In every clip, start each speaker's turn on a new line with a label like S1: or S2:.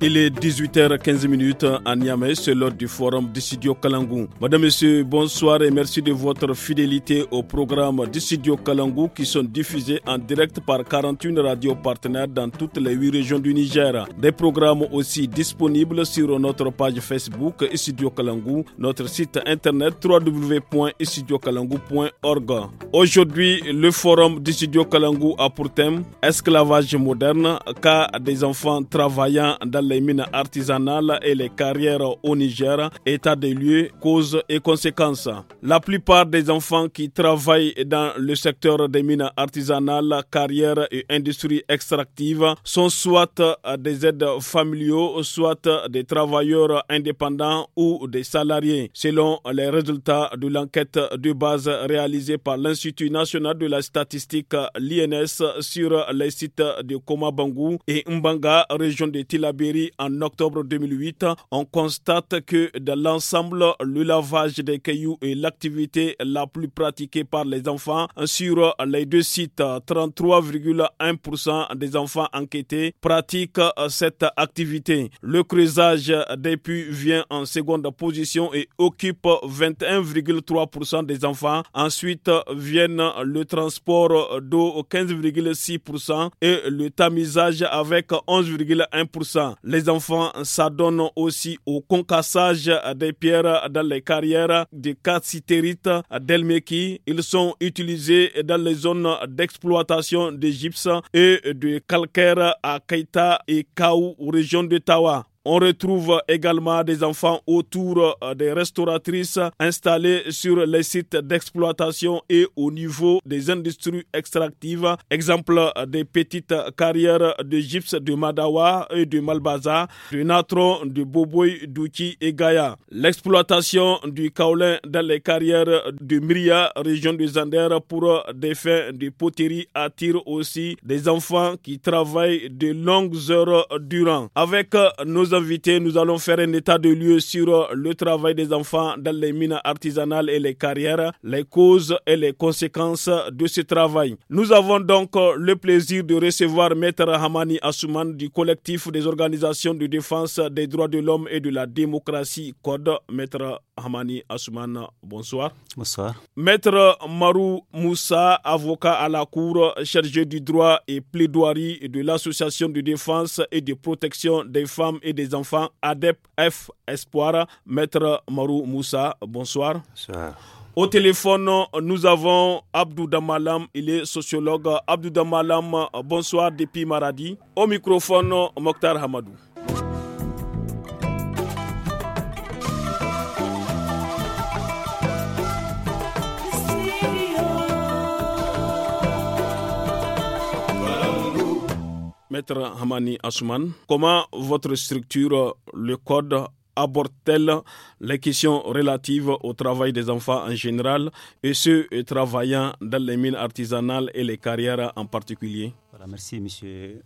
S1: Il est 18h15 à Niamey, c'est l'heure du forum Dissidio Kalangou. Madame, Monsieur, bonsoir et merci de votre fidélité au programme Dissidio Kalangou qui sont diffusés en direct par 41 radios partenaires dans toutes les 8 régions du Niger. Des programmes aussi disponibles sur notre page Facebook Dissidio Kalangou, notre site internet www.dissidiokalangou.org. Aujourd'hui, le forum Dissidio Kalangou a pour thème Esclavage moderne, cas des enfants travaillant dans les mines artisanales et les carrières au Niger, état des lieux, causes et conséquences. La plupart des enfants qui travaillent dans le secteur des mines artisanales, carrières et industries extractives sont soit des aides familiaux, soit des travailleurs indépendants ou des salariés, selon les résultats de l'enquête de base réalisée par l'Institut national de la statistique, l'INS, sur les sites de Komabangou et Mbanga, région de Tilaberi en octobre 2008, on constate que dans l'ensemble, le lavage des cailloux est l'activité la plus pratiquée par les enfants. Sur les deux sites, 33,1% des enfants enquêtés pratiquent euh, cette activité. Le creusage des puits vient en seconde position et occupe 21,3% des enfants. Ensuite viennent le transport d'eau 15,6% et le tamisage avec 11,1%. Les enfants s'adonnent aussi au concassage des pierres dans les carrières de à d'Elmeki. Ils sont utilisés dans les zones d'exploitation de et de calcaire à Kaita et Kaou, région de Tawa. On retrouve également des enfants autour euh, des restauratrices installées sur les sites d'exploitation et au niveau des industries extractives. Exemple euh, des petites carrières de gypse de Madawa et de Malbaza, de Natron, de Boboy, d'Uki et Gaïa. L'exploitation du kaolin dans les carrières de Miria, région de Zander, pour euh, des fins de poterie attire aussi des enfants qui travaillent de longues heures durant. Avec nos nous allons faire un état de lieu sur le travail des enfants dans les mines artisanales et les carrières, les causes et les conséquences de ce travail. Nous avons donc le plaisir de recevoir Maître Hamani Assouman du collectif des organisations de défense des droits de l'homme et de la démocratie Code. Maître Hamani Assouman, bonsoir. Bonsoir. Maître Marou Moussa, avocat à la Cour, chargé du droit et plaidoirie de l'Association de défense et de protection des femmes et des enfants, ADEP F Espoir, Maître Marou Moussa. Bonsoir. Bonsoir. Au téléphone, nous avons Abdou Damalam, il est sociologue. Abdou Damalam, bonsoir depuis Maradi. Au microphone, Mokhtar Hamadou. Maître Hamani Asuman, comment votre structure, le code, aborde-t-elle les questions relatives au travail des enfants en général et ceux travaillant dans les mines artisanales et les carrières en particulier Merci M.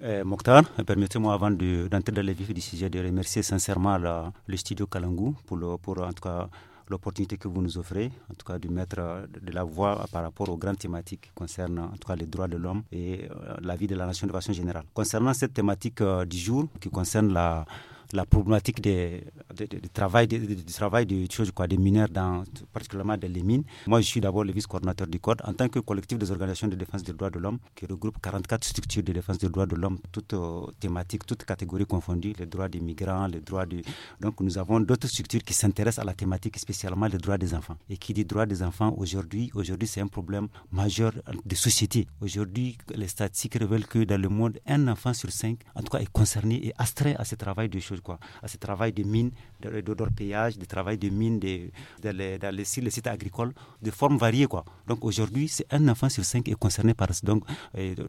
S1: Euh,
S2: Mokhtar. Permettez-moi avant d'entrer dans le vif du sujet de remercier sincèrement le studio Kalangu pour, le, pour en tout cas l'opportunité que vous nous offrez, en tout cas de mettre de la voix par rapport aux grandes thématiques qui concernent en tout cas les droits de l'homme et euh, la vie de la nation de façon générale. Concernant cette thématique euh, du jour qui concerne la la problématique des, travail, du travail des choses, quoi, mineurs, dans, particulièrement dans les mines. Moi, je suis d'abord le vice-coordinateur du Code en tant que collectif des organisations de défense des droits de l'homme qui regroupe 44 structures de défense des droits de l'homme, toutes euh, thématiques, toutes catégories confondues, les droits des migrants, les droits du. Donc, nous avons d'autres structures qui s'intéressent à la thématique, spécialement les droits des enfants. Et qui dit droits des enfants aujourd'hui, aujourd'hui, c'est un problème majeur de société. Aujourd'hui, les statistiques révèlent que dans le monde, un enfant sur cinq, en tout cas, est concerné et astreint à ce travail de choses à ce travail de mine, d'odorpéage, de, travail de mine de, dans, les, sites agricoles, de formes variées. Quoi. Donc aujourd'hui, c'est un enfant sur cinq est concerné par ça. Donc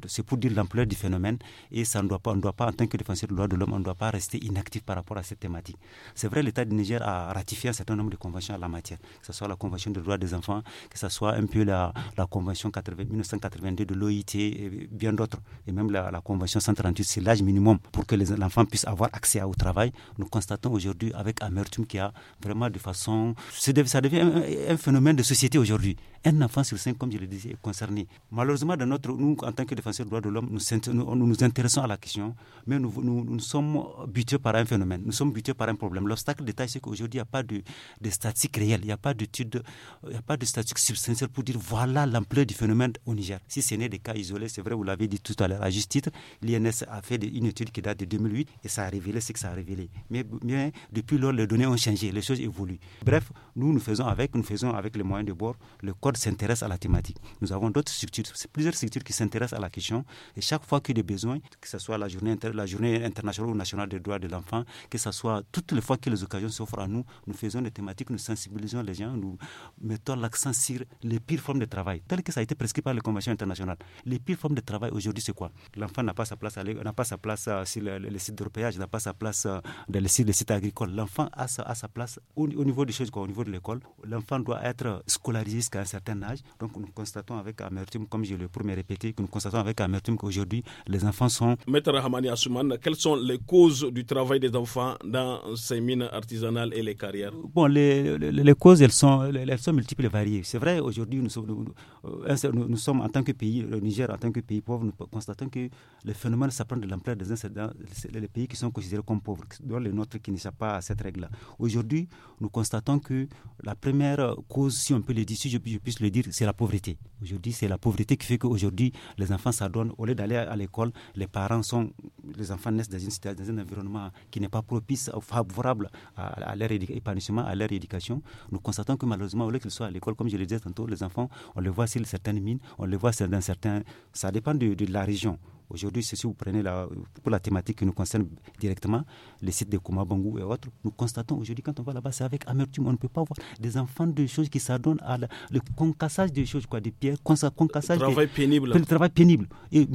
S2: c'est pour dire l'ampleur du phénomène et ça ne doit pas, on ne doit pas, en tant que défenseur des droits de l'homme, on ne doit pas rester inactif par rapport à cette thématique. C'est vrai, l'État du Niger a ratifié un certain nombre de conventions en la matière, que ce soit la Convention des droits des enfants, que ce soit un peu la, Convention 1982 de l'OIT et bien d'autres, et même la, la Convention 138 c'est l'âge minimum pour que l'enfant puisse avoir accès au travail nous constatons aujourd'hui avec amertume qu'il y a vraiment de façon. Ça devient un, phénomène de société aujourd'hui. Un enfant sur cinq, comme je le disais, est concerné. Malheureusement, notre, nous, en tant que défenseurs des droits de l'homme, nous, nous, intéressons à la question, mais nous, nous, sommes butés par un phénomène, nous sommes butés par un problème. L'obstacle d'État, c'est qu'aujourd'hui, il n'y a pas de, de statistique réelle, il n'y a pas d'étude, il n'y a pas de statistique substantielle pour dire voilà l'ampleur du phénomène au Niger. Si ce n'est des cas isolés, c'est vrai, vous l'avez dit tout à l'heure, à juste titre, l'INS a fait une étude qui date de 2008 et ça a révélé ce que ça a révélé. Mais bien, depuis lors, les données ont changé, les choses évoluent. Bref, nous, nous faisons avec, nous faisons avec les moyens de bord. Le code s'intéresse à la thématique. Nous avons d'autres structures, plusieurs structures qui s'intéressent à la question. Et chaque fois qu'il y a des besoins, que ce soit la journée, la journée internationale ou nationale des droits de l'enfant, que ce soit toutes les fois que les occasions s'offrent à nous, nous faisons des thématiques, nous sensibilisons les gens, nous mettons l'accent sur les pires formes de travail, telles que ça a été prescrit par les conventions internationales. Les pires formes de travail aujourd'hui, c'est quoi L'enfant n'a pas sa place, n'a pas sa place euh, sur les sites de n'a pas sa place euh, dans les, sites, agricoles. L'enfant a sa, place au, niveau des choses, au niveau de l'école. L'enfant doit être scolarisé jusqu'à un certain âge. Donc nous constatons avec amertume, comme je le premier répéter, que nous constatons avec amertume qu'aujourd'hui les enfants sont.
S1: Maître Hamani Assouman, quelles sont les causes du travail des enfants dans ces mines artisanales et les carrières
S2: Bon, les, causes, elles sont, elles multiples et variées. C'est vrai, aujourd'hui, euh, nous sommes, en tant que pays, le Niger en tant que pays pauvre, nous constatons que le phénomène s'apprend de l'ampleur des incidents, les pays qui sont considérés comme pauvres dans les nôtres qui n'échappent pas à cette règle-là. Aujourd'hui, nous constatons que la première cause, si on peut le dire, je, puis le dire, c'est la pauvreté. Aujourd'hui, c'est la pauvreté qui fait qu'aujourd'hui, les enfants s'adonnent. Au lieu d'aller à, l'école, les parents sont, les enfants naissent dans, une, dans un environnement qui n'est pas propice, euh, favorable à, leur épanouissement, à leur éducation. Nous constatons que malheureusement, au lieu qu'ils soient à l'école, comme je le disais tantôt, les enfants, on les voit sur certaines mines, on les voit dans certains. Ça dépend de la région. Aujourd'hui, si vous prenez la, pour la thématique qui nous concerne directement, les sites de Koumabangou et autres, nous constatons aujourd'hui, quand on va là-bas, c'est avec amertume. On ne peut pas voir des enfants de choses qui s'adonnent à le concassage des choses, quoi, des pierres, concassage. Le travail pénible. Le travail pénible. Et,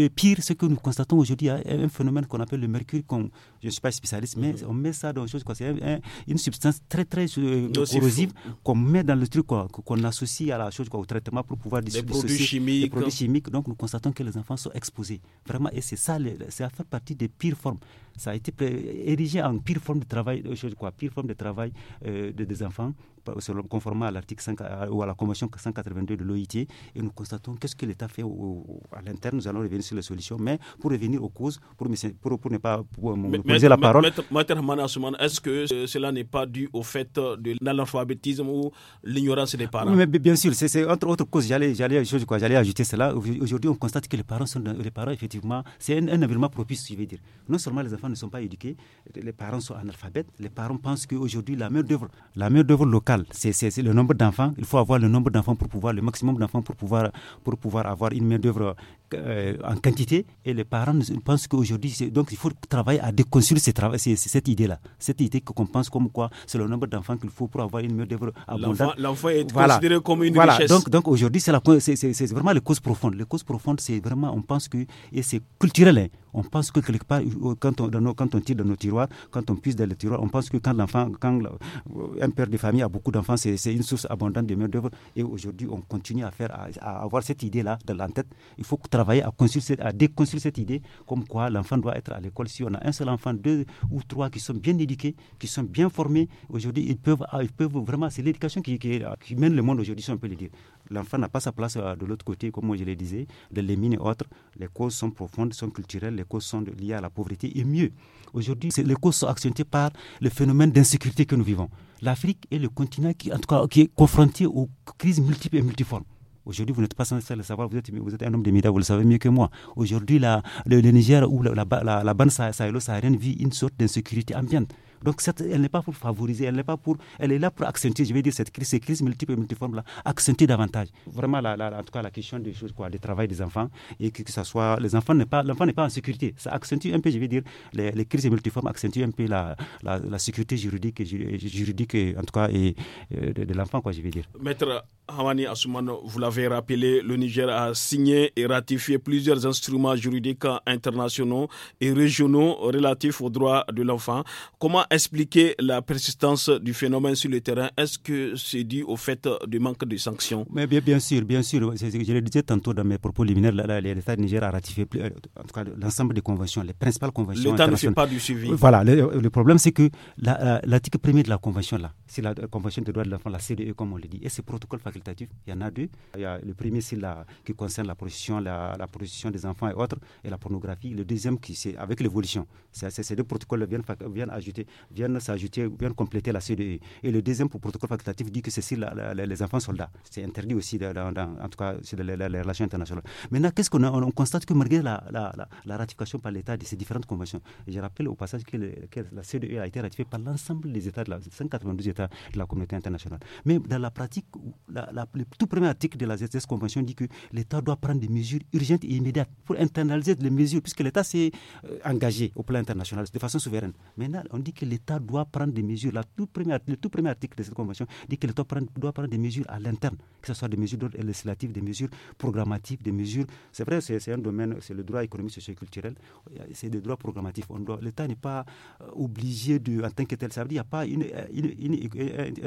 S2: euh, pire, ce que nous constatons aujourd'hui, un phénomène qu'on appelle le mercure. je ne suis pas spécialiste, mais mhm. on met ça dans les choses. C'est une substance très, très euh, corrosive qu'on met dans le truc, quoi, qu'on associe à la chose, quoi, au traitement pour pouvoir des, des, produits, chimiques, des produits chimiques. Donc, nous constatons que les enfants sont exposés. Vraiment, et c'est ça, c'est à faire partie des pires formes ça a été érigé en pire forme de travail, quoi, euh, pire forme de travail euh, de, des enfants, euh, conformément à l'article 5 ou à la convention 182 de l'OIT. Et nous constatons qu'est-ce que l'État fait à l'interne. Nous allons revenir sur les solutions, mais pour revenir aux causes, pour, ne pas pour, poser la parole.
S1: est-ce que cela n'est pas dû au fait de l'analphabétisme ou l'ignorance des parents mais
S2: Bien sûr, c'est entre autres causes. J'allais, j'allais ajouter cela. Aujourd'hui, on constate que les parents, sont, les parents effectivement, c'est un, environnement propice, je veux dire. Non seulement les enfants ne sont pas éduqués, les parents sont analphabètes, les parents pensent qu'aujourd'hui, la main-d'œuvre, la main-d'œuvre locale, c'est le nombre d'enfants. Il faut avoir le nombre d'enfants pour pouvoir, le maximum d'enfants pour pouvoir, pour pouvoir avoir une main-d'œuvre euh, en quantité et les parents pensent qu'aujourd'hui, donc il faut travailler à déconstruire cette idée-là, cette idée qu'on pense comme quoi c'est le nombre d'enfants qu'il faut pour avoir une meilleure d'œuvre abondante. L'enfant est considéré comme une voilà. Donc, donc aujourd'hui, c'est vraiment les causes profondes. Les causes profondes, c'est vraiment, on pense que, et c'est culturel, hein. on pense que quelque part, euh, quand on, quand on tire dans nos tiroirs, quand on puisse dans les tiroirs, on pense que quand l'enfant, quand euh, un père de famille a beaucoup d'enfants, c'est une source abondante de meilleure d'œuvre. Et aujourd'hui, on continue à faire, à, avoir cette idée-là dans la tête. Il faut que travailler à, à déconstruire cette idée comme quoi l'enfant doit être à l'école. Si on a un seul enfant, deux ou trois qui sont bien éduqués, qui sont bien formés, aujourd'hui, ils peuvent, ah, ils peuvent vraiment, c'est l'éducation qui, ah, qui, mène le monde aujourd'hui, si on peut le dire. L'enfant n'a pas sa place ah, de l'autre côté, comme je le disais, de les mines et autres. Les causes sont profondes, sont culturelles, les causes sont liées à la pauvreté et mieux. Aujourd'hui, les causes sont accentuées par le phénomène d'insécurité que nous vivons. L'Afrique est le continent qui, en tout cas, qui est confronté aux crises multiples et multiformes. Aujourd'hui, vous n'êtes pas censé le savoir, vous êtes, un homme de médias, vous le savez mieux que moi. Aujourd'hui, le, le, Niger ou la, la, la bande sahélo-saharienne vit une sorte d'insécurité ambiante. Donc cette, elle n'est pas pour favoriser, elle n'est pas pour, elle est là pour accentuer, je vais dire cette crise, ces crises multiples et multiformes là, accentuer davantage. Vraiment la, en tout cas la question des choses quoi, du travail des enfants et que, que ça soit les enfants n'est pas l'enfant n'est pas en sécurité, ça accentue un peu, je vais dire les, crises multiformes accentuent un peu la, la, sécurité juridique juridique en tout cas et, euh, de, l'enfant quoi, je vais dire.
S1: Maître Hamani Assoumano, vous l'avez rappelé, le Niger a signé et ratifié plusieurs instruments juridiques internationaux et régionaux relatifs aux droits de l'enfant. Comment expliquer la persistance du phénomène sur le terrain Est-ce que c'est dû au fait du manque de sanctions
S2: Mais bien, sûr, bien sûr. Je le disais tantôt dans mes propos liminaires, l'État de Niger a ratifié euh, l'ensemble des conventions, les principales conventions. L'État ne fait pas du suivi. Voilà, le, problème c'est que l'article premier de la convention, là, c'est la, convention des droits de l'enfant, la CDE comme on le dit, et ces protocoles facultatifs, il y en a deux. y le premier c'est qui concerne la prostitution, la, des enfants et autres, et la pornographie. Le deuxième qui c'est avec l'évolution. Ces deux protocoles viennent ajouter viennent s'ajouter, viennent compléter la CDE. Et le deuxième protocole facultatif dit que c'est les enfants soldats. C'est interdit aussi, dans en tout cas, sur les relations internationales. Maintenant, qu'est-ce qu'on on, on constate que malgré la, ratification par l'État de ces différentes conventions, je rappelle au passage que, la CDE a été ratifiée par l'ensemble des États, de la, 192 États de la communauté internationale. Mais dans la pratique, le tout premier article de la ZS Convention dit que l'État doit prendre des mesures urgentes et immédiates pour internaliser les mesures, puisque l'État s'est euh, engagé au plan international de façon souveraine. Maintenant, on dit que l'État doit prendre des mesures. le tout premier article de cette convention dit que l'État doit prendre des mesures à l'interne, que ce soit des mesures législatives, des mesures programmatives, des mesures. C'est vrai, c'est un domaine, c'est le droit économique, et culturel c'est des droits programmatifs. L'État n'est pas euh, obligé de, en tant que tel, ça veut dire qu'il n'y a pas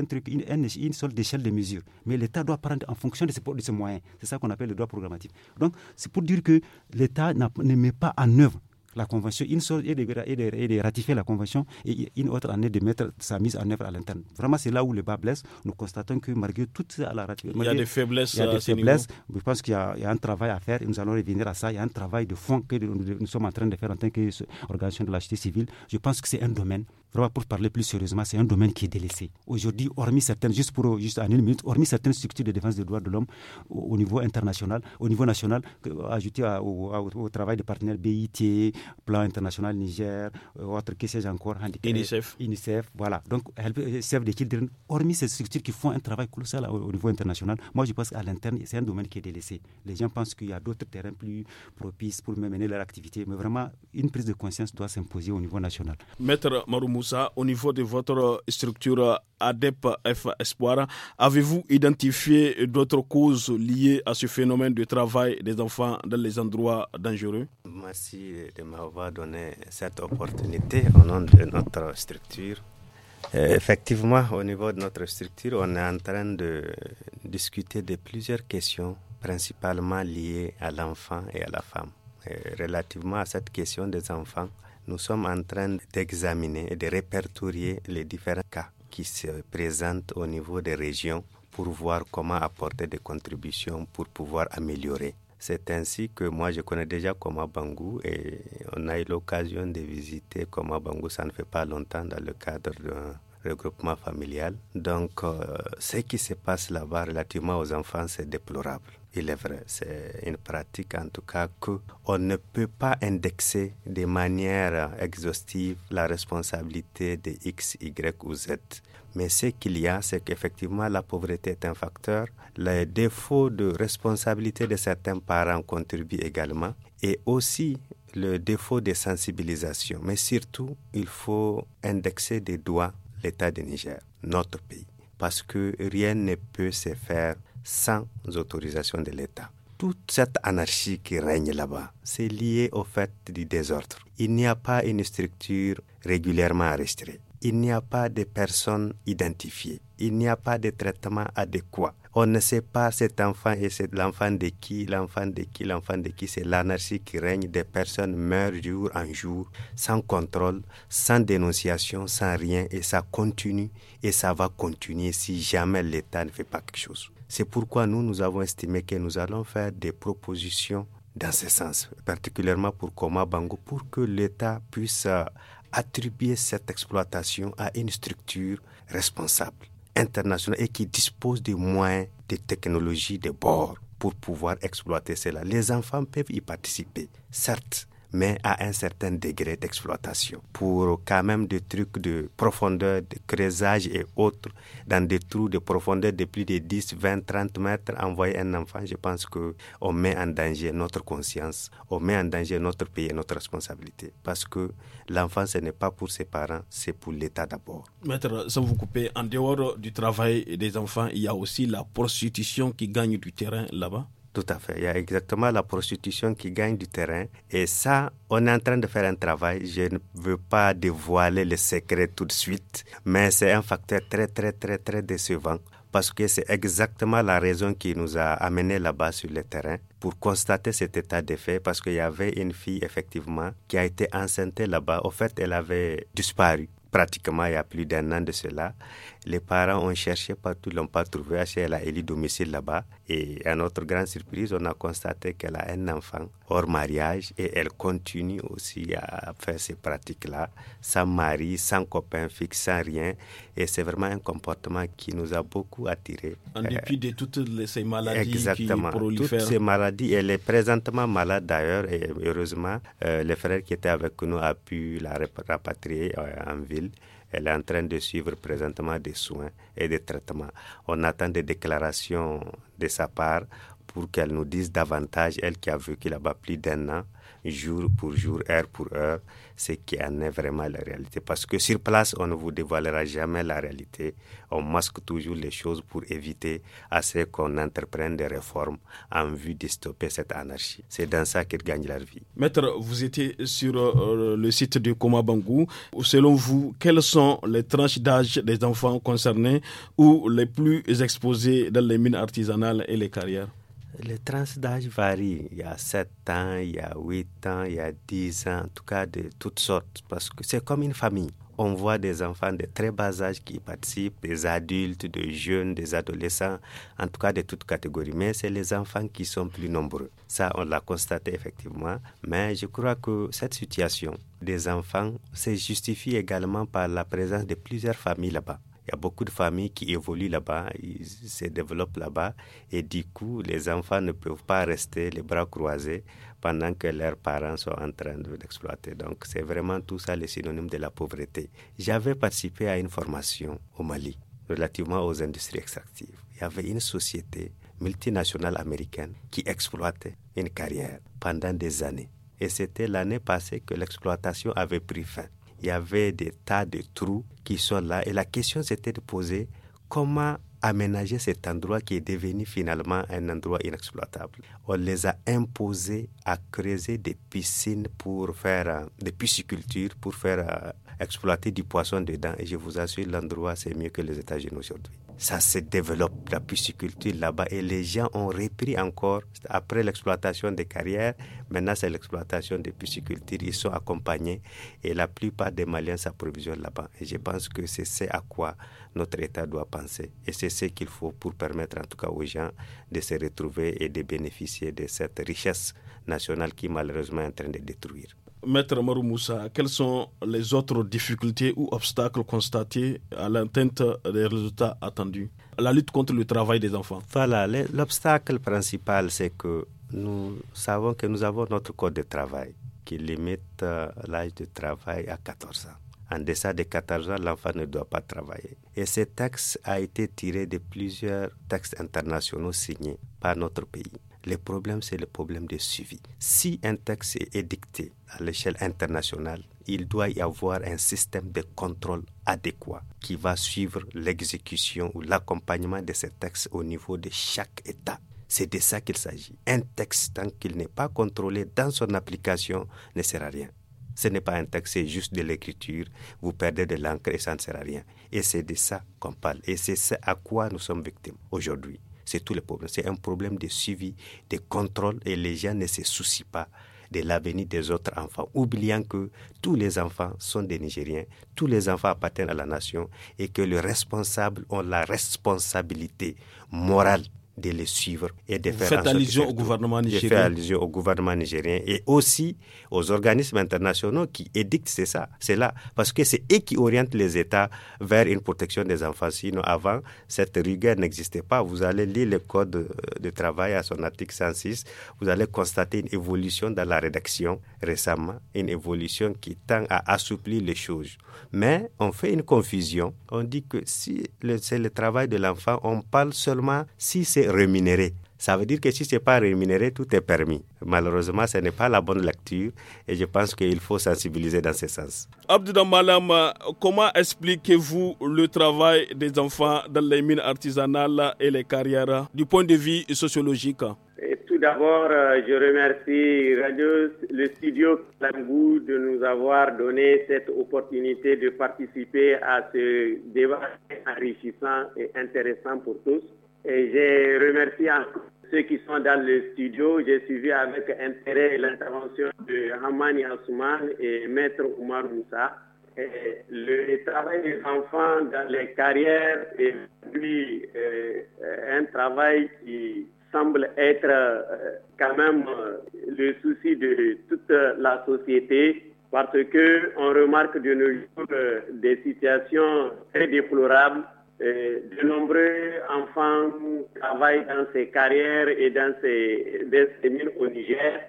S2: une, seule échelle de mesures. Mais l'État doit prendre en fonction de ses, de ses moyens. C'est ça qu'on appelle le droit programmatif. Donc, c'est pour dire que l'État ne met pas en œuvre la convention, une seule est de, ratifier la convention et une autre année de mettre sa mise en œuvre à l'interne. Vraiment, c'est là où le bas blesse. Nous constatons que malgré toute la ratification, il y a des faiblesses. Il y Je pense qu'il y, a un travail à faire et nous allons revenir à ça. Il y a un travail de fond que nous, sommes en train de faire en tant qu'organisation de la société civile. Je pense que c'est un domaine Vraiment, pour parler plus sérieusement, c'est un domaine qui est délaissé. Aujourd'hui, hormis certaines, juste pour juste une hormis certaines structures de défense des droits de l'homme au, niveau international, au niveau national, ajouté au, travail des partenaires BIT, Plan International Niger, euh, autre que sais encore, hein, UNICEF. UNICEF, voilà. Donc, servent des Children, hormis ces structures qui font un travail colossal au, niveau international, moi je pense qu'à l'interne, c'est un domaine qui est délaissé. Les gens pensent qu'il y a d'autres terrains plus propices pour mener leur activité, mais vraiment, une prise de conscience doit s'imposer au niveau national.
S1: Maître au niveau de votre euh, structure euh, ADEP F Espoir, avez-vous identifié d'autres causes liées à ce phénomène de travail des enfants dans les endroits dangereux
S3: Merci de m'avoir donné cette opportunité au nom de notre structure. Euh, effectivement, au niveau de notre structure, on est en train de discuter de plusieurs questions principalement liées à l'enfant et à la femme. relativement à cette question des enfants, nous sommes en train d'examiner et de répertorier les différents cas qui se présentent au niveau des régions pour voir comment apporter des contributions pour pouvoir améliorer. C'est ainsi que moi je connais déjà Koma et on a eu l'occasion de visiter Koma ça ne fait pas longtemps dans le cadre d'un regroupement familial. Donc euh, ce qui se passe là-bas relativement aux enfants, c'est déplorable il est vrai, c'est une pratique en tout cas qu'on ne peut pas indexer de manière exhaustive la responsabilité de X, Y ou Z. Mais ce qu'il y a, c'est qu'effectivement, la pauvreté est un facteur. Les défauts de responsabilité de certains parents contribuent également. Et aussi le défaut de sensibilisation. Mais surtout, il faut indexer des doigts l'État de Niger, notre pays. Parce que rien ne peut se faire sans autorisation de l'État. Toute cette anarchie qui règne là-bas, c'est lié au fait du désordre. Il n'y a pas une structure régulièrement arrêtée. Il n'y a pas de personnes identifiées. Il n'y a pas de traitement adéquat. On ne sait pas cet enfant et c'est l'enfant de qui, l'enfant de qui, l'enfant de qui. C'est l'anarchie qui règne. Des personnes meurent jour en jour, sans contrôle, sans dénonciation, sans rien. Et ça continue et ça va continuer si jamais l'État ne fait pas quelque chose. C'est pourquoi nous, nous avons estimé que nous allons faire des propositions dans ce sens, particulièrement pour Koma Bango, pour que l'État puisse euh, attribuer cette exploitation à une structure responsable, internationale et qui dispose des moyens, des technologies de bord pour pouvoir exploiter cela. Les enfants peuvent y participer. Certes, mais à un certain degré d'exploitation. Pour quand même des trucs de profondeur, de creusage et autres, dans des trous de profondeur de plus de 10, 20, 30 mètres, envoyer un enfant, je pense qu'on met en danger notre conscience, on met en danger notre pays et notre responsabilité. Parce que l'enfant, ce n'est pas pour ses parents, c'est pour l'État d'abord.
S1: Maître, sans vous couper, en dehors du travail des enfants, il y a aussi la prostitution qui gagne du terrain là-bas
S3: tout à fait. Il y a exactement la prostitution qui gagne du terrain. Et ça, on est en train de faire un travail. Je ne veux pas dévoiler le secret tout de suite, mais c'est un facteur très, très, très, très décevant parce que c'est exactement la raison qui nous a amenés là-bas sur le terrain pour constater cet état d'effet parce qu'il y avait une fille effectivement qui a été enceinte là-bas. Au fait, elle avait disparu pratiquement il y a plus d'un an de cela. Les parents ont cherché partout, l'ont pas trouvé. Elle a élu domicile là-bas. Et à notre grande surprise, on a constaté qu'elle a un enfant hors mariage et elle continue aussi à faire ces pratiques-là, sans mari, sans copain fixe, sans rien. Et c'est vraiment un comportement qui nous a beaucoup attirés. En euh, dépit
S1: de toutes ces maladies qui prolifèrent. Toutes ces
S3: maladies. Elle est présentement malade d'ailleurs et heureusement, euh, le frère qui était avec nous a pu la rapatrier euh, en ville. Elle est en train de suivre présentement des soins et des traitements. On attend des déclarations de sa part pour qu'elle nous dise davantage, elle qui a vécu là-bas plus d'un an, jour pour jour, heure pour heure, ce qui en est vraiment la réalité. Parce que sur place, on ne vous dévoilera jamais la réalité. On masque toujours les choses pour éviter à ce qu'on entreprenne des réformes en vue de stopper cette anarchie. C'est dans ça qu'ils gagnent leur vie.
S1: Maître, vous étiez sur euh, le site du de Bangou. Selon vous, quelles sont les tranches d'âge des enfants concernés ou les plus exposés dans les mines artisanales et les carrières
S3: les trans d'âge
S1: varient. Il y a 7 ans, il y a 8
S3: ans, il y a 10 ans, en tout cas de toutes sortes, parce que c'est comme une famille. On voit des enfants de très bas âge qui participent, des adultes, des jeunes, des adolescents, en tout cas de toutes catégories. Mais c'est les enfants qui sont plus nombreux. Ça, on l'a constaté effectivement. Mais je crois que cette situation des enfants se justifie également par la présence de plusieurs familles là-bas. Il y a beaucoup de familles qui évoluent là-bas, ils se développent là-bas, et du coup, les enfants ne peuvent pas rester les bras croisés pendant que leurs parents sont en train de Donc, c'est vraiment tout ça le synonyme de la pauvreté. J'avais participé à une formation au Mali relativement aux industries extractives. Il y avait une société multinationale américaine qui exploitait une carrière pendant des années. Et c'était l'année passée que l'exploitation avait pris fin il y avait des tas de trous qui sont là. Et la question s'était de poser comment aménager cet endroit qui est devenu finalement un endroit inexploitable. On les a imposés à creuser des piscines pour faire euh, des piscicultures, pour faire euh, exploiter du poisson dedans. Et je vous assure, l'endroit, c'est mieux que les États-Unis aujourd'hui ça se développe, la pisciculture là-bas. Et les gens ont repris encore, après l'exploitation des carrières, maintenant c'est l'exploitation des piscicultures. Ils sont accompagnés et la plupart des Maliens s'approvisionnent là-bas. Et je pense que c'est ce à quoi notre État doit penser. Et c'est ce qu'il faut pour permettre en tout cas aux gens de se retrouver et de bénéficier de cette richesse nationale qui malheureusement est en train
S1: de détruire. Maître Marou quelles sont les autres difficultés ou obstacles constatés à l'atteinte des résultats attendus La lutte contre le travail des enfants. Voilà,
S3: l'obstacle principal, c'est que nous savons que nous avons notre code de travail qui limite euh, l'âge de travail à 14 ans. En deçà de 14 ans, l'enfant ne doit pas travailler. Et ce texte a été tiré de plusieurs textes internationaux signés par notre pays. Le problème, c'est le problème de suivi. Si un texte est édicté à l'échelle internationale, il doit y avoir un système de contrôle adéquat qui va suivre l'exécution ou l'accompagnement de ces texte au niveau de chaque État. C'est de ça qu'il s'agit. Un texte, tant qu'il n'est pas contrôlé dans son application, ne sert à rien. Ce n'est pas un texte, c'est juste de l'écriture. Vous perdez de l'encre et ça ne sert à rien. Et c'est de ça qu'on parle. Et c'est ce à quoi nous sommes victimes aujourd'hui. C'est C'est un problème de suivi, de contrôle et les gens ne se soucient pas de l'avenir des autres enfants, oubliant que tous les enfants sont des Nigériens, tous les enfants appartiennent à la nation et que les responsables ont la responsabilité morale de les suivre et de faire allusion au gouvernement nigérien. allusion au gouvernement nigérien et aussi aux organismes internationaux qui édictent c'est ça, c'est là, parce que c'est eux qui orientent les États vers une protection des enfants. Sinon, avant, cette rigueur n'existait pas. Vous allez lire le code de, euh, de travail à son article 106, vous allez constater une évolution dans la rédaction récemment, une évolution qui tend à assouplir les choses. Mais on fait une confusion. On dit que si c'est le travail de l'enfant, on parle seulement si c'est rémunéré. Ça veut dire que si ce n'est pas rémunéré, tout est permis. Malheureusement, ce n'est pas la bonne lecture et je pense qu'il faut sensibiliser dans ce sens.
S1: Abdou Malam, comment expliquez-vous le travail des enfants dans les mines artisanales et les carrières du point de vue sociologique
S4: et Tout d'abord, euh, je remercie Radio, le studio Klangou de nous avoir donné cette opportunité de participer à ce débat enrichissant et intéressant pour tous. Et j'ai remercié ceux qui sont dans le studio. J'ai suivi avec intérêt l'intervention de Hamani Asuman et Maître Oumar Moussa. le travail des enfants dans les carrières est euh, un travail qui semble être euh, quand même euh, le souci de toute la société parce qu'on remarque de nos jours des situations très déplorables de nombreux enfants travaillent dans ces carrières et dans ces, dans mines au Niger.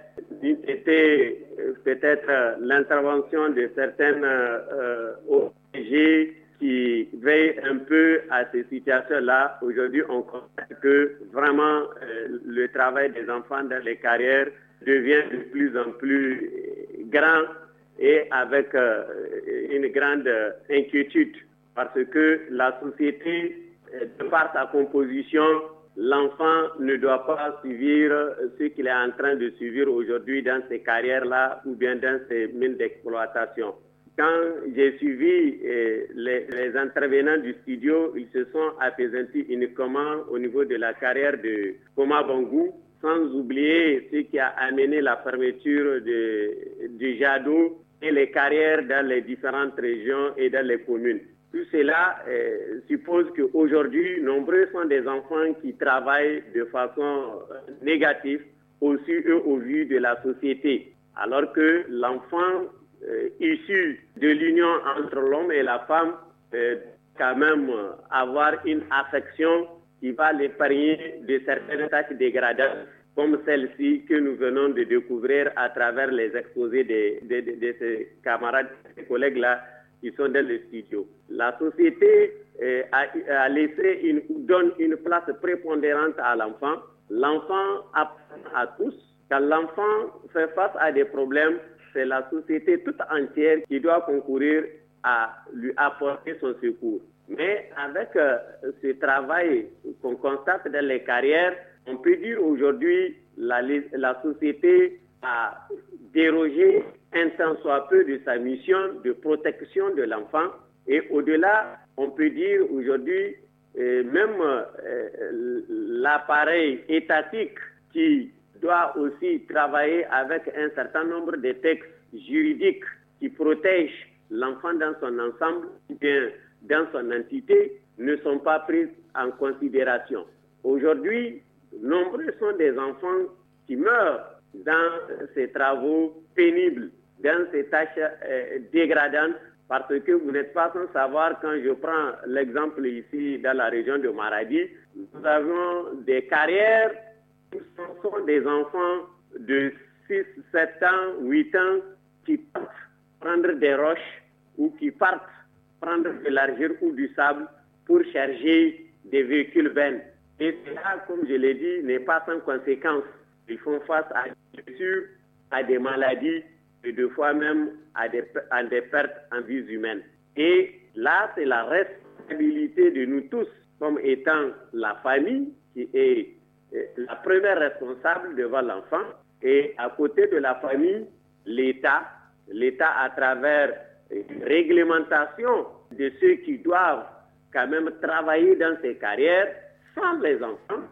S4: C'était euh, peut-être l'intervention de certaines euh, ONG qui veillent un peu à ces situations-là. Aujourd'hui, on constate que vraiment euh, le travail des enfants dans les carrières devient de plus en plus grand et avec une grande inquiétude parce que la société, euh, de par sa composition, l'enfant ne doit pas suivre euh, ce qu'il est en train de suivre aujourd'hui dans ces carrières-là ou bien dans ces mines d'exploitation. Quand j'ai suivi euh, les, intervenants du studio, ils se sont apaisantis uniquement au niveau de la carrière de Coma Bangou, sans oublier ce qui a amené la fermeture du Jadot et les carrières dans les différentes régions et dans les communes. Tout cela euh, suppose qu'aujourd'hui, nombreux sont des enfants qui travaillent de façon euh, négative aussi au vu de la société. Alors que l'enfant euh, issu de l'union entre l'homme et la femme peut quand même avoir une affection qui va l'épargner de certaines tâches dégradantes comme celle-ci que nous venons de découvrir à travers les exposés de, de ces camarades, ces collègues-là, qui sont dans les studios. La société euh, a, laissé une, donne une place prépondérante à l'enfant. L'enfant apprend à tous. Quand l'enfant fait face à des problèmes, c'est la société toute entière qui doit concourir à lui apporter son secours. Mais avec euh, ce travail qu'on constate dans les carrières, on peut dire aujourd'hui la, la société a dérogé un temps soit peu de sa mission de protection de l'enfant. Et au-delà, on peut dire aujourd'hui, euh, même euh, l'appareil étatique qui doit aussi travailler avec un certain nombre de textes juridiques qui protègent l'enfant dans son ensemble, bien dans son entité, ne sont pas prises en considération. Aujourd'hui, nombreux sont des enfants qui meurent dans ces travaux pénibles dans ces tâches euh, dégradantes parce que vous n'êtes pas sans savoir, quand je prends l'exemple ici dans la région de Maradi, nous avons des carrières où ce sont des enfants de 6, 7 ans, 8 ans qui partent prendre des roches ou qui partent prendre de l'argile ou du sable pour charger des véhicules vaines. Et cela, comme je l'ai dit, n'est pas sans conséquence. Ils font face à des à des maladies et deux fois même à des, pertes en vie humaine. Et là, c'est la responsabilité de nous tous, comme étant la famille, qui est euh, la première responsable devant l'enfant, et à côté de la famille, l'État, l'État à travers une réglementation de ceux qui doivent quand même travailler dans ces carrières sans les enfants,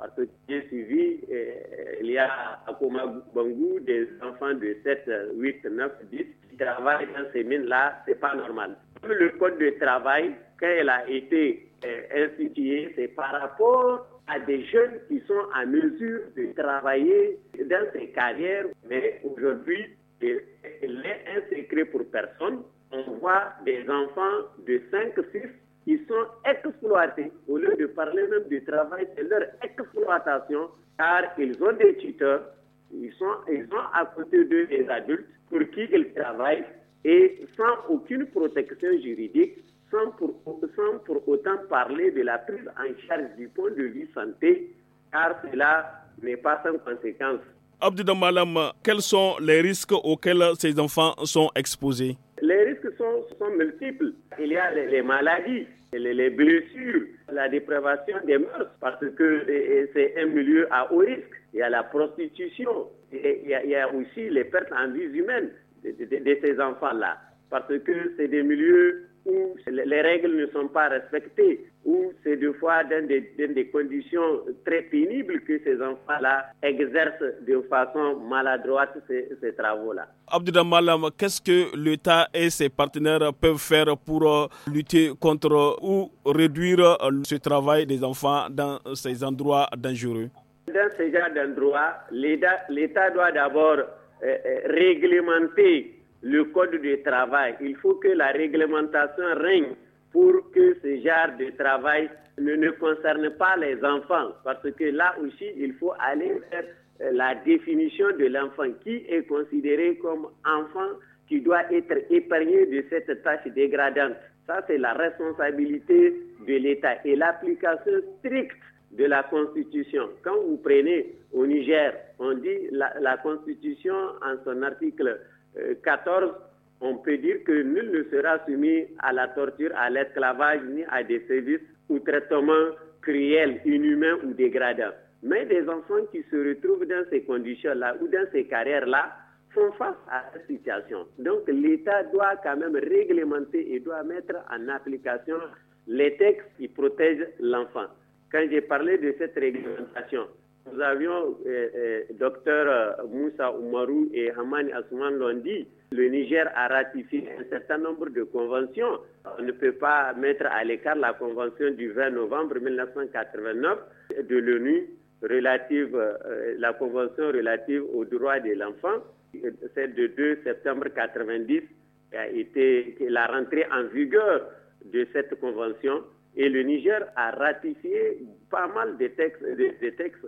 S4: parce que j'ai suivi, eh, il y a à Koma des enfants de 7, 8, 9, 10 qui travaillent dans ces mines-là, Ce n'est pas normal. Le code de travail, quand il a été eh, institué, c'est par rapport à des jeunes qui sont en mesure de travailler dans ces carrières, mais aujourd'hui, eh, il est un secret pour personne. On voit des enfants de 5, 6 ils sont exploités. Au lieu de parler même du travail, c'est leur exploitation, car ils ont des tuteurs, ils sont, ils à côté d'eux des adultes pour qui ils travaillent et sans aucune protection juridique, sans pour, sans pour autant parler de la prise en charge du point de vue santé, car cela n'est pas sans conséquence.
S1: Abdou Malam, quels sont les risques auxquels ces enfants sont exposés
S4: Les risques sont, sont multiples. Il y a les maladies, les, blessures, la dépravation des mœurs, parce que c'est un milieu à haut risque. Il y a la prostitution, et il, y a, aussi les pertes en vie humaine de ces enfants-là, parce que c'est des milieux où les règles ne sont pas respectées, où c'est des fois dans des, conditions très pénibles que ces enfants-là exercent de façon maladroite ces, travaux-là.
S1: Abdoudamal, qu'est-ce que l'État et ses partenaires peuvent faire pour euh, lutter contre euh, ou réduire euh, ce travail des enfants dans ces endroits dangereux
S4: Dans ces endroits, l'État doit d'abord réglementer le code de travail. Il faut que la réglementation règne pour que ce genre de travail ne, ne concerne pas les enfants. Parce que là aussi, il faut aller vers euh, la définition de l'enfant qui est considéré comme enfant qui doit être épargné de cette tâche dégradante. Ça, c'est la responsabilité de l'État et l'application stricte de la Constitution. Quand vous prenez au Niger, on dit la Constitution, en son article 14, on peut dire que nul ne sera soumis à la torture, à l'esclavage, ni à des services ou traitements cruels, inhumains ou dégradants. Mais des enfants qui se retrouvent dans ces conditions-là ou dans ces carrières-là font face à cette situation. Donc l'État doit quand même réglementer et doit mettre en application les textes qui protègent l'enfant. Quand j'ai parlé de cette réglementation, nous avions, euh, euh, docteur euh, Moussa Oumarou et Hamani Asman l'ont dit, le Niger a ratifié un certain nombre de conventions. On ne peut pas mettre à l'écart la convention du 20 novembre 1989 de l'ONU relative, la convention relative aux droits de l'enfant, celle de 2 septembre 1990 a été la rentrée en vigueur de cette convention et le Niger a ratifié pas mal de textes,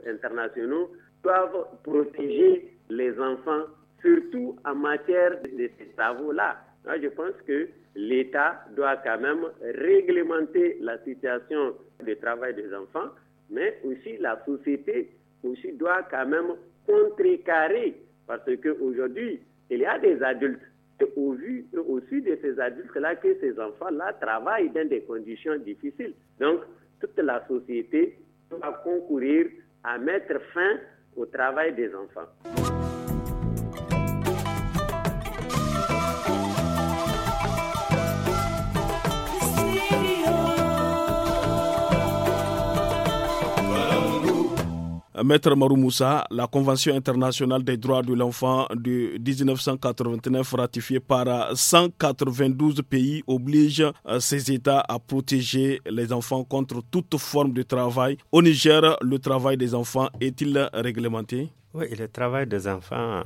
S4: internationaux qui doivent protéger les enfants, surtout en matière de ces travaux-là. Moi, je pense que l'État doit quand même réglementer la situation de travail des enfants, mais aussi la société aussi doit quand même contrecarrer, parce qu'aujourd'hui, il y a des adultes c'est au vu aussi de ces adultes-là que ces enfants-là travaillent dans des conditions difficiles. Donc, toute la société doit concourir à mettre fin au travail des enfants.
S1: Maître Maroumoussa, la Convention internationale des droits de l'enfant de 1989 ratifiée par 192 pays oblige euh, ces États à protéger les enfants contre toute forme de travail. Au Niger, le travail des enfants est-il réglementé
S3: oui, le travail des enfants,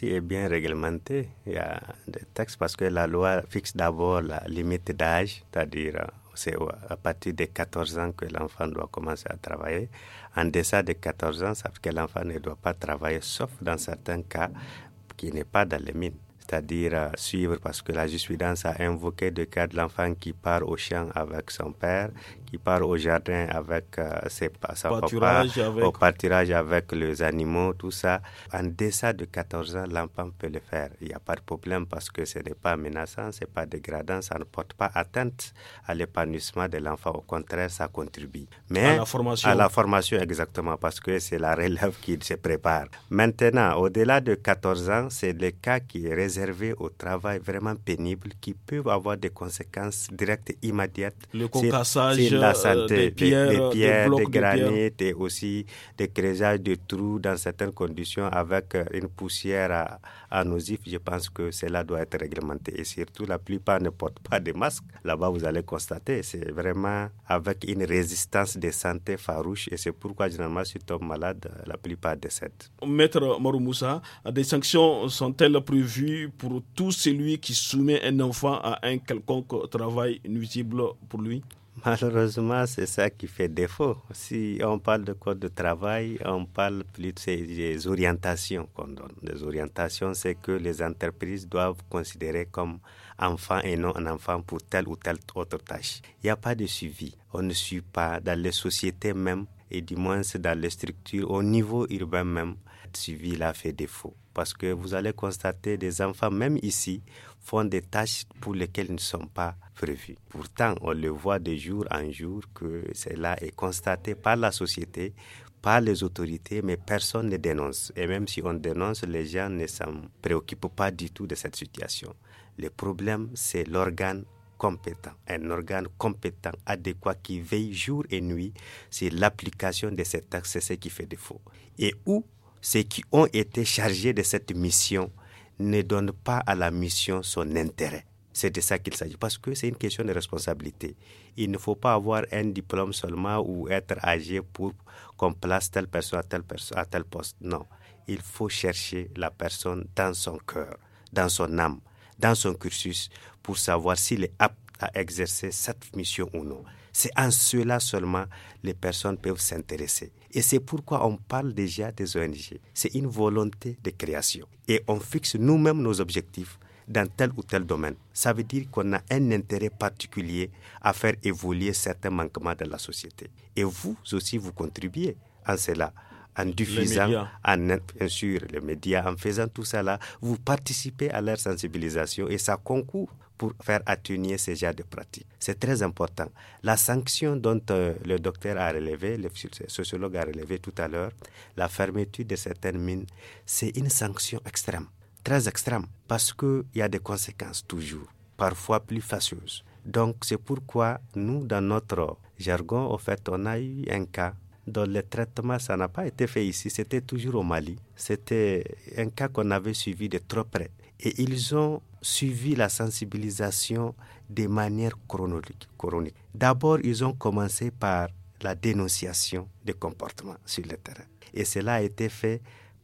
S3: est bien réglementé. Il y a des textes parce que la loi fixe d'abord la limite d'âge, c'est-à-dire euh, c'est à partir de 14 ans que l'enfant doit commencer à travailler. En deçà de 14 ans, ça que l'enfant ne doit pas travailler, sauf dans certains cas qui n'est pas dans les mines c'est-à-dire euh, suivre, parce que la jurisprudence a invoqué le cas de l'enfant qui part au champ avec son père, il part au jardin avec euh, ses, sa papa, au pâturage avec les animaux, tout ça. En deçà de 14 ans, l'enfant peut le faire. Il n'y a pas de problème parce que ce n'est pas menaçant, ce n'est pas dégradant, ça ne porte pas atteinte à l'épanouissement de l'enfant. Au contraire, ça contribue. Mais à la formation. À la formation, exactement, parce que c'est la relève qui se prépare. Maintenant, au-delà de 14 ans, c'est le cas qui est réservé au travail vraiment pénible qui peut avoir des conséquences directes et immédiates. Le concassage la euh, santé, des pierres, des, granites et aussi des creusages de trous dans certaines conditions avec euh, une poussière à, Je pense que cela doit être réglementé. Et surtout, la plupart ne portent pas de masque. Là-bas, vous allez constater, c'est vraiment avec une résistance de santé farouche. Et c'est pourquoi, généralement, si tombes malade, la plupart décèdent.
S1: Maître Morumoussa, des sanctions sont-elles prévues pour tout celui qui soumet un enfant à un quelconque travail nuisible pour lui
S3: Malheureusement, c'est ça qui fait défaut. Si on parle
S1: de code de travail,
S3: on parle plus des orientations qu'on donne. Les orientations, c'est que les entreprises doivent considérer comme enfant et non un enfant pour telle ou telle autre tâche. Il n'y a pas de suivi. On ne suit pas dans les sociétés même, et du moins c'est dans les structures, au niveau urbain même, suivi là fait défaut parce que vous allez constater des enfants, même ici, font des tâches pour lesquelles ils ne sont pas prévus. Pourtant, on le voit de jour en jour que cela est constaté par la société, par les autorités, mais personne ne dénonce. Et même si on dénonce, les gens ne s'en préoccupent pas du tout de cette situation. Le problème, c'est l'organe compétent, un organe compétent, adéquat, qui veille jour et nuit sur l'application de cette taxe, c'est ce qui fait défaut. Et où ceux qui ont été chargés de cette mission ne donnent pas à la mission son intérêt. C'est de ça qu'il s'agit, parce que c'est une question de responsabilité. Il ne faut pas avoir un diplôme seulement ou être âgé pour qu'on place telle personne à à tel poste. Non, il faut chercher la personne dans son cœur, dans son âme, dans son cursus, pour savoir s'il est apte à exercer cette mission ou non. C'est en cela seulement les personnes peuvent s'intéresser. Et c'est pourquoi on parle déjà des ONG. C'est une volonté de création. Et on fixe nous-mêmes nos objectifs dans tel ou tel domaine. Ça veut dire qu'on a un intérêt particulier à faire évoluer certains manquements de la société. Et vous aussi, vous contribuez à cela en diffusant, en bien sûr, les médias, en faisant tout cela, vous participez à leur sensibilisation et ça concourt pour faire atténuer ces genres de pratiques. C'est très important. La sanction dont euh, le docteur a relevé, le sociologue a relevé tout à l'heure, la fermeture de certaines mines, c'est une sanction extrême, très extrême, parce qu'il y a des conséquences toujours, parfois plus fâcheuses. Donc c'est pourquoi nous, dans notre jargon, au fait, on a eu un cas dans le traitement, ça n'a pas été fait ici, c'était toujours au Mali. C'était un cas qu'on avait suivi de trop près. Et ils ont suivi la sensibilisation de manière chronique. chronique. D'abord, ils ont commencé par la dénonciation des comportements sur le terrain. Et cela a été fait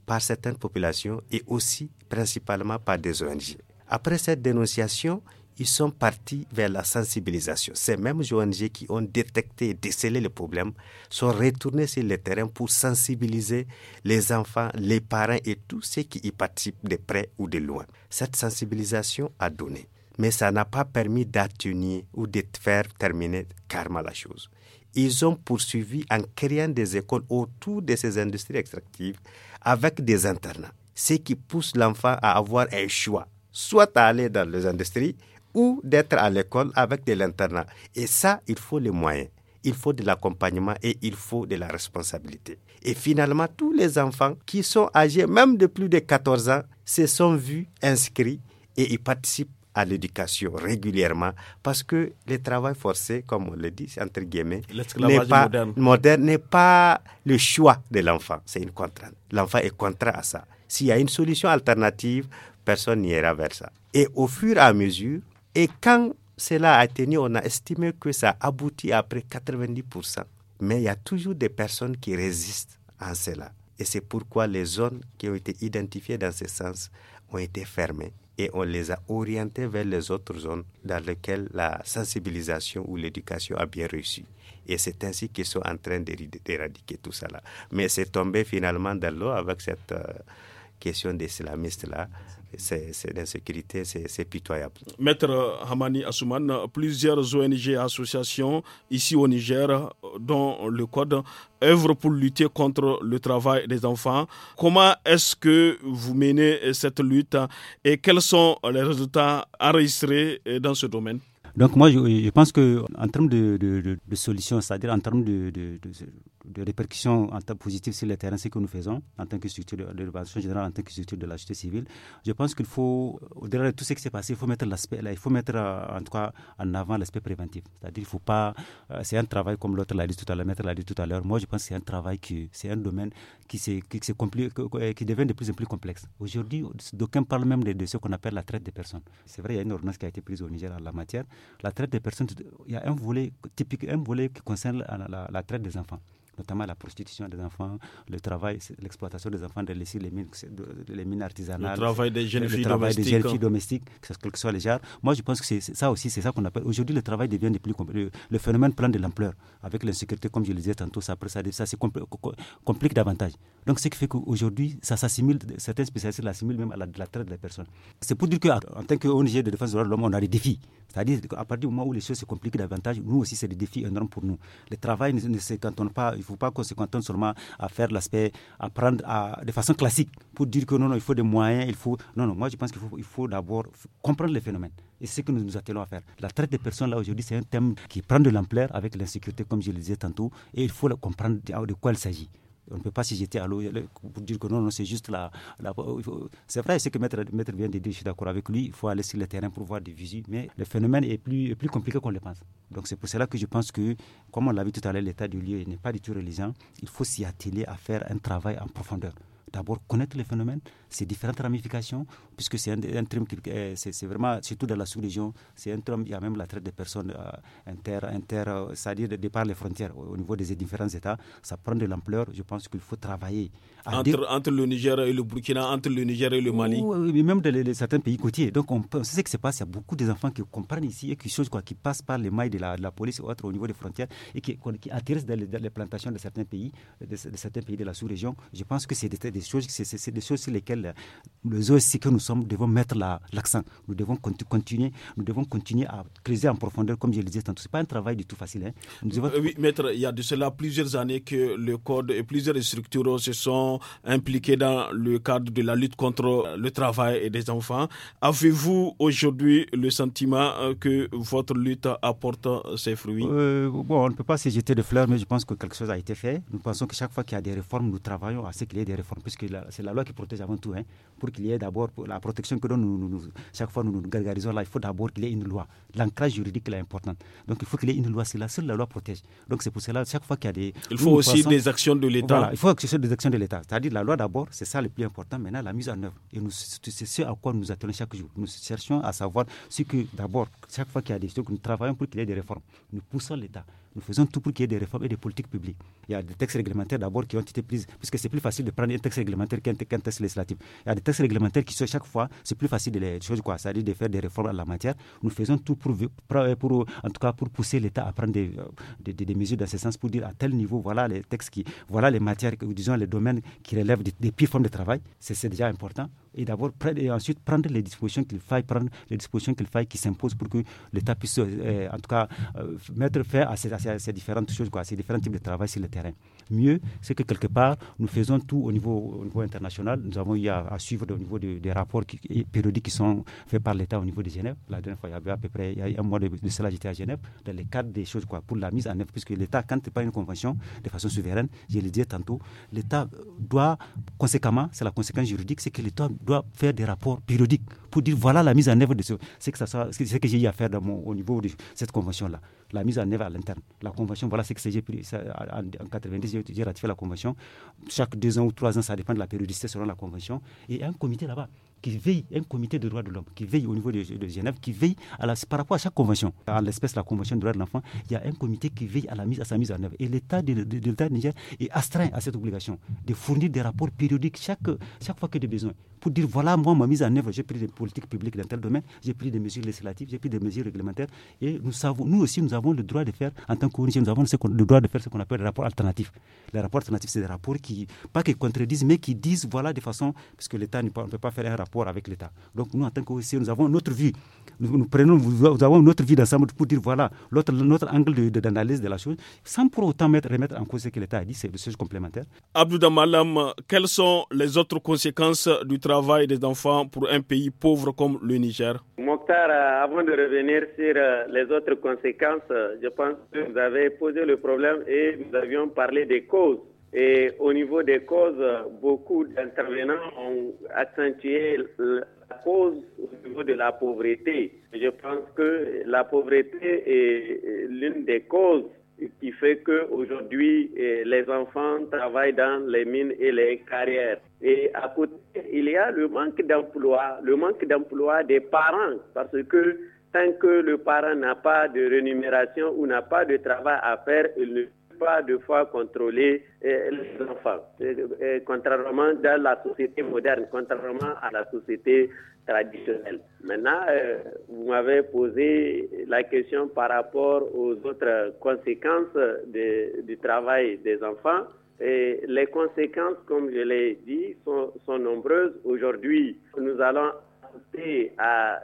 S3: par certaines populations et aussi principalement par des ONG. Après cette dénonciation, ils sont partis vers la sensibilisation. Ces mêmes ONG qui ont détecté et décelé le problème sont retournés sur le terrain pour sensibiliser les enfants, les parents et tous ceux qui y participent de près ou de loin. Cette sensibilisation a donné, mais ça n'a pas permis d'atténuer ou de faire terminer karma la chose. Ils ont poursuivi en créant des écoles autour de ces industries extractives avec des internats, ce qui pousse l'enfant à avoir un choix, soit à aller dans les industries, ou d'être à l'école avec de l'internat. Et ça, il faut les moyens, il faut de l'accompagnement et il faut de la responsabilité. Et finalement, tous les enfants qui sont âgés même de plus de 14 ans se sont vus inscrits et ils participent à l'éducation régulièrement parce que le travail forcé, comme on le dit, entre guillemets, n'est pas moderne. n'est pas le choix de l'enfant, c'est une contrainte. L'enfant est contraint à ça. S'il y a une solution alternative, personne n'ira vers ça. Et au fur et à mesure, et quand cela a tenu, on a estimé que ça aboutit après 90%. Mais il y a toujours des personnes qui résistent à cela. Et c'est pourquoi les zones qui ont été identifiées dans ce sens ont été fermées et on les a orientées vers les autres zones dans lesquelles la sensibilisation ou l'éducation a bien réussi. Et c'est ainsi qu'ils sont en train d'éradiquer tout cela. Mais c'est tombé finalement dans l'eau avec cette euh, question des islamistes-là c'est l'insécurité, c'est pitoyable.
S1: Maître Hamani Assouman, plusieurs ONG et associations ici au Niger, dont le Code, œuvrent pour lutter contre le travail des enfants. Comment est-ce que vous menez cette lutte et quels sont les résultats enregistrés dans ce domaine
S2: donc moi, je, pense qu'en termes de, de, solutions, c'est-à-dire en termes de, répercussions en positives sur le terrain, ce que nous faisons en tant que structure de l'évaluation générale, en tant que structure de la société civile, je pense qu'il faut, au-delà de tout ce qui s'est passé, il faut mettre l'aspect, il faut mettre euh, en tout cas en avant l'aspect préventif. C'est-à-dire il faut pas, euh, c'est un travail comme l'autre l'a dit tout à l'heure, l'a dit tout à l'heure. Moi, je pense que c'est un travail qui, c'est un domaine qui, qui, qui devient de plus en plus complexe. Aujourd'hui, d'aucuns parlent même de, de ce qu'on appelle la traite des personnes. C'est vrai, il y a une ordonnance qui a été prise au Niger en la matière la traite des personnes, il y a un volet typique, un volet qui concerne la, la traite des enfants notamment la prostitution des enfants, le travail, l'exploitation des enfants de les, les mines, les mines artisanales. Le travail des jeunes, le filles, travail domestiques. Des jeunes domestiques, hein. quel que soit les genres. Moi, je pense que c'est ça aussi, c'est ça qu'on appelle. Aujourd'hui, le travail devient de plus le, le phénomène prend de l'ampleur. Avec l'insécurité, comme je le disais tantôt, ça, se ça, complique davantage. Donc, ce qui fait qu'aujourd'hui, ça s'assimile, certains spécialistes l'assimilent même à la, la traite des personnes. C'est pour dire qu'en tant qu'ONG de défense des droits de l'homme, on a des défis. C'est-à-dire qu'à partir du moment où les choses se compliquent davantage, nous aussi, c'est des défis énormes pour nous. Le travail ne, ne on pas il ne faut pas qu'on se contente seulement à faire l'aspect, à prendre de façon classique pour dire que non, non, il faut des moyens, il faut. Non, non, moi je pense qu'il faut, d'abord comprendre le phénomène. Et ce que nous nous attelons à faire. La traite des personnes, là, aujourd'hui, c'est un thème qui prend de l'ampleur avec l'insécurité, comme je le disais tantôt, et il faut comprendre de quoi il s'agit on ne peut pas se jeter à l'eau pour dire que non, non c'est juste la. c'est vrai, ce que maître, maître, vient de dire, je suis d'accord avec lui, il faut aller sur le terrain pour voir des visites mais le phénomène est plus, est plus compliqué qu'on le pense. Donc c'est pour cela que je pense que, comme on l'a vu tout à l'heure, l'état du lieu n'est pas du tout religieux. Il faut s'y atteler à faire un travail en profondeur d'abord connaître le phénomène, ces différentes ramifications, puisque c'est un, un, qui euh, c'est vraiment, surtout dans la sous-région, c'est un crime, il y a même la traite des personnes euh, inter, inter euh, c'est-à-dire de, de les frontières, au, niveau des différents États, ça prend de l'ampleur, je pense qu'il faut
S1: travailler. Entre, dire... entre, le Niger et le Burkina, entre le Niger et le Mali
S2: Oui, même dans certains pays côtiers. Donc on, sait ce qui se passe, il y a beaucoup d'enfants qui comprennent ici et qui, chose, quoi, qui passe par les mailles de la, de la police ou autre au niveau des frontières et qui, qui atterrissent dans les, plantations de certains pays, de, de certains pays de la sous-région. Je pense que c'est des choses, c'est des choses sur lesquelles nous euh, que nous sommes devons mettre l'accent. nous devons continuer, nous devons continuer à creuser en profondeur, comme je le disais tantôt. Ce n'est pas un travail du
S1: tout facile. Hein. Euh, oui, maître, il y a de cela plusieurs années que le Code et plusieurs structures se sont impliquées dans le cadre de la lutte contre euh, le travail et des enfants. Avez-vous aujourd'hui le sentiment que votre lutte apporte ses fruits
S2: Bon, on ne peut pas se jeter de fleurs, mais je pense que quelque chose a été fait. Nous pensons que chaque fois qu'il y a des réformes, nous travaillons à ce qu'il y ait des réformes puisque c'est la loi qui protège avant tout, hein, pour qu'il y ait d'abord la protection que nous, nous, chaque fois nous gargarisons là, il faut d'abord qu'il y ait une loi. L'ancrage juridique est important. Donc il faut qu'il y ait une loi, c'est la seule la loi protège. Donc c'est pour cela, chaque fois qu'il y a des... Il faut aussi des actions de l'État. il faut que ce soit des actions de l'État. C'est-à-dire la loi d'abord, c'est ça le plus important, maintenant la mise en œuvre. Et c'est ce à quoi nous attendons chaque jour. Nous cherchons à savoir ce que d'abord, chaque fois qu'il y a des choses, nous travaillons pour qu'il y ait des réformes. Nous poussons l'État nous faisons tout pour qu'il y ait des réformes et des politiques publiques. Il y a des textes réglementaires d'abord qui ont été pris, puisque c'est plus facile de prendre un texte réglementaire qu'un texte législatif. Il y a des textes réglementaires qui, sont chaque fois, c'est plus facile de les choses, quoi. C'est-à-dire de faire des réformes en la matière. Nous faisons tout pour, pour, euh, euh, en tout cas, pour pousser l'État à prendre des, euh, mesures dans ce sens pour dire à tel niveau, voilà les textes qui, voilà les matières, disons les domaines qui relèvent des, des pires formes de travail. C'est déjà important et d'abord ensuite prendre les dispositions qu'il faille prendre les dispositions qu'il faille qui s'imposent pour que l'État puisse euh, en tout cas euh, mettre fin à ces, différentes choses quoi, à ces différents types de travail sur le terrain mieux, c'est que quelque part, nous faisons tout au niveau, international. Nous avons eu à, suivre au niveau des rapports périodiques qui sont faits par l'État au niveau de Genève. La dernière fois, il y avait à peu près un mois de, cela, j'étais à Genève, dans les cadres des choses quoi, pour la mise en œuvre, puisque l'État, quand il pas une convention de façon souveraine, je le disais tantôt, l'État doit, conséquemment, c'est la conséquence juridique, c'est que l'État doit faire des rapports périodiques pour dire voilà la mise en œuvre de ce, que, que j'ai eu à faire au niveau de cette convention-là la mise en œuvre à l'interne. La convention, voilà ce que j'ai pris. en 1990, j'ai ratifié la convention. Chaque deux ans ou trois ans, ça dépend de la périodicité selon la convention. Et il y a un comité là-bas qui veille, un comité de droits de l'homme, qui veille au niveau de, Genève, qui veille à la, par rapport à chaque convention, en l'espèce la Convention des droits de l'enfant, il y a un comité qui veille à, la mise, à sa mise en œuvre. Et l'État de, Niger est astreint à cette obligation de fournir des rapports périodiques chaque, chaque fois qu'il y a besoin pour dire voilà, moi, ma mise en œuvre, j'ai pris des politiques publiques dans tel domaine, j'ai pris des mesures législatives, j'ai pris des mesures réglementaires. Et nous savons, nous aussi, nous avons le droit de faire, en tant qu'ONG, nous avons le droit de faire ce qu'on appelle les rapports alternatifs. Les rapports alternatifs, c'est des rapports qui, pas que contredisent, mais qui disent voilà de façon, puisque l'État ne peut pas faire un rapport avec l'État. Donc nous, en tant qu'OSCE, nous avons notre vie. Nous, prenons, nous avons notre vie d'ensemble pour dire voilà notre, notre angle d'analyse de, de, la chose, sans pour autant remettre en cause ce que l'État a dit, c'est le sujet complémentaire.
S1: Abdou Damalam, quelles sont les autres conséquences du travail des enfants pour un pays pauvre comme le Niger
S4: Mokhtar, euh, avant de revenir sur euh, les autres conséquences, euh, je pense que vous avez posé le problème et nous avions parlé des causes et au niveau des causes, beaucoup d'intervenants ont accentué la cause au niveau de la pauvreté. Je pense que la pauvreté est l'une des causes qui fait qu'aujourd'hui, eh, les enfants travaillent dans les mines et les carrières. Et à côté, il y a le manque d'emploi, le manque d'emploi des parents, parce que tant que le parent n'a pas de rémunération ou n'a pas de travail à faire, il pas fois contrôler euh, les enfants. Euh, euh, contrairement dans la société moderne, contrairement à la société traditionnelle. Maintenant, vous m'avez posé la question par rapport aux autres conséquences du travail des enfants. Et les conséquences, comme je l'ai dit, sont, nombreuses. Aujourd'hui, nous allons assister à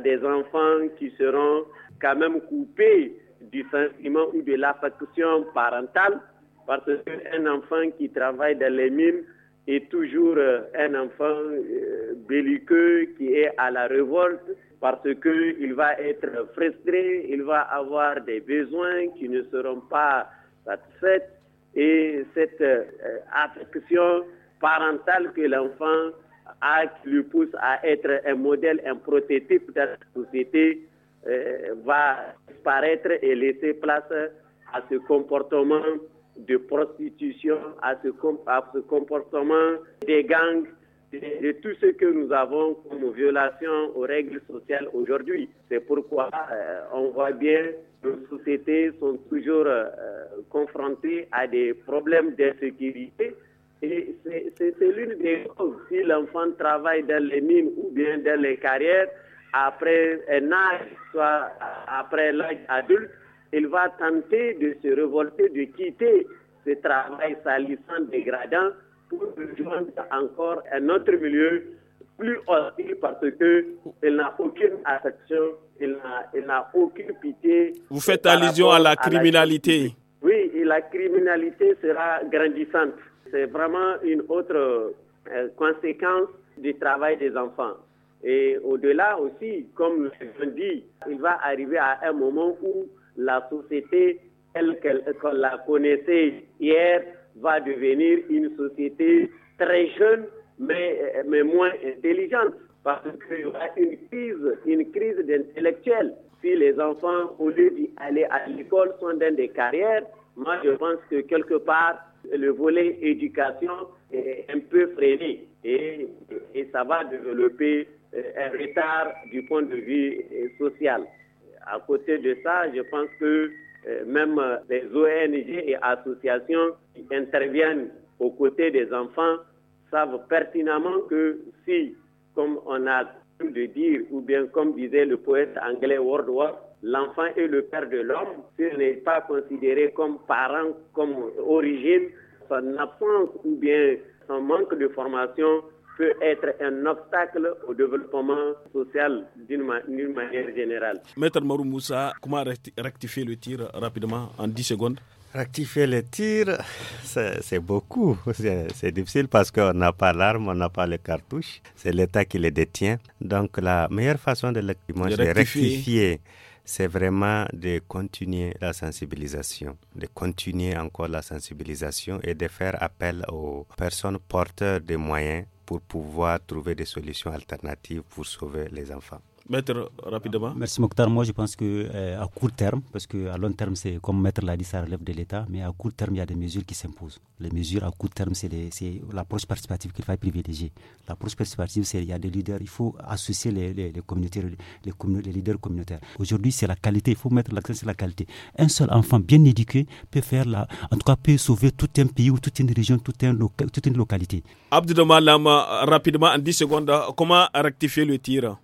S4: des enfants qui seront quand même coupés du sentiment ou de l'affection parentale, parce qu'un enfant qui travaille dans les mines est toujours euh, un enfant euh, belliqueux qui est à la révolte, parce qu'il va être frustré, il va avoir des besoins qui ne seront pas satisfaits. Et cette euh, affection parentale que l'enfant a qui lui pousse à être un modèle, un prototype de la société, euh, va disparaître et laisser place à ce comportement de prostitution, à ce, comportement des gangs, de, tout ce que nous avons comme violation aux règles sociales aujourd'hui. C'est pourquoi euh, on voit bien que nos sociétés sont toujours euh, confrontées à des problèmes d'insécurité. Et c'est l'une des causes. Si l'enfant travaille dans les mines ou bien dans les carrières, après un âge, soit après l'âge adulte, il va tenter de se révolter, de quitter ce travail salissant, dégradant, pour rejoindre encore un autre milieu plus hostile parce qu'il n'a aucune affection, il n'a aucune pitié.
S1: Vous faites allusion à la criminalité.
S4: Oui, et la criminalité sera grandissante. C'est vraiment une autre euh, conséquence du travail des enfants. Et au-delà aussi, comme je dit, il va arriver à un moment où la société telle qu'elle la connaissait hier va devenir une société très jeune, mais, mais moins intelligente, parce qu'il y aura une crise, une crise d'intellectuel. Si les enfants, au lieu d'aller aller à l'école, sont dans des carrières, moi je pense que quelque part, le volet éducation est un peu freiné et, et ça va développer euh, un retard du point de vue euh, social. À côté de ça, je pense que euh, même les ONG et associations qui interviennent aux côtés des enfants savent pertinemment que si, comme on a de dire, ou bien comme disait le poète anglais Wordsworth, l'enfant est le père de l'homme, s'il n'est pas considéré comme parent, comme origine, son absence ou bien son manque de formation peut être un obstacle au développement
S1: social d'une
S4: manière
S1: générale. Maître Marou Moussa, comment rectifier le tir rapidement en 10 secondes Rectifier le tir, c'est beaucoup. C'est
S3: difficile parce qu'on n'a pas l'arme, on n'a pas les cartouches. C'est l'État qui les détient. Donc la meilleure façon de, le, de rectifier c'est vraiment de continuer la sensibilisation, de continuer encore la sensibilisation et de faire appel aux personnes porteurs des moyens pour pouvoir trouver des solutions alternatives pour sauver les enfants.
S2: Maître, rapidement. Ah, merci Mokhtar. Moi, je pense que euh, à court terme, parce qu'à long terme, c'est comme Maître l'a dit, ça relève de l'État, mais à court terme, il y a des mesures qui s'imposent. Les mesures à court terme, c'est l'approche participative qu'il faut privilégier. L'approche participative, c'est il y a des leaders, il faut associer les, les, communautés, les, les, leaders communautaires. Aujourd'hui, c'est la qualité, il faut mettre l'accent sur la qualité. Un seul enfant bien éduqué peut faire, la, en tout cas, peut sauver tout un pays ou toute une région, toute une
S1: localité. Abdou Lama, rapidement, en 10 secondes, comment rectifier le tir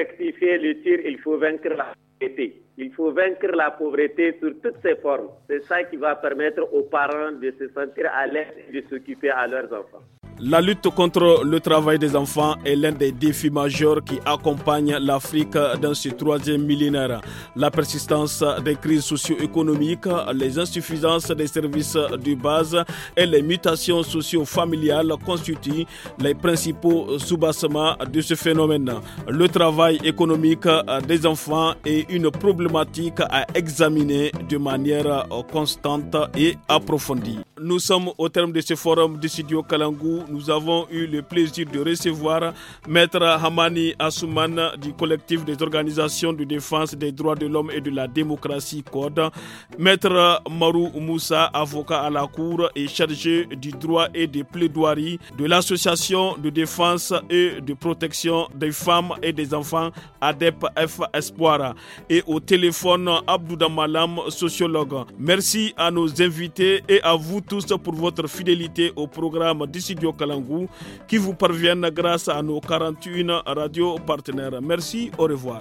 S4: rectifier le tir, il faut vaincre la pauvreté. Il faut vaincre la pauvreté sur toutes ses formes. C'est ça qui va permettre aux parents de se sentir à l'aise et de s'occuper à leurs
S1: enfants. La lutte contre le travail des enfants est l'un des défis majeurs qui accompagnent l'Afrique dans ce troisième millénaire. La persistance des crises socio-économiques, les insuffisances des services de base et les mutations socio-familiales constituent les principaux sous-bassements de ce phénomène. Le travail économique des enfants est une problématique à examiner de manière constante et approfondie. Nous sommes au terme de ce forum de studio Kalangou nous avons eu le plaisir de recevoir Maître Hamani Assouman du collectif des organisations de défense des droits de l'homme et de la démocratie CODE, Maître Marou Moussa, avocat à la Cour et chargé du droit et des plaidoiries de l'Association de défense et de protection des femmes et des enfants ADEP F Espoir et au téléphone Abdou Damalam, sociologue. Merci à nos invités et à vous tous pour votre fidélité au programme Dissidio Kalangu qui vous parviennent grâce à nos 41 radios partenaires. Merci, au revoir.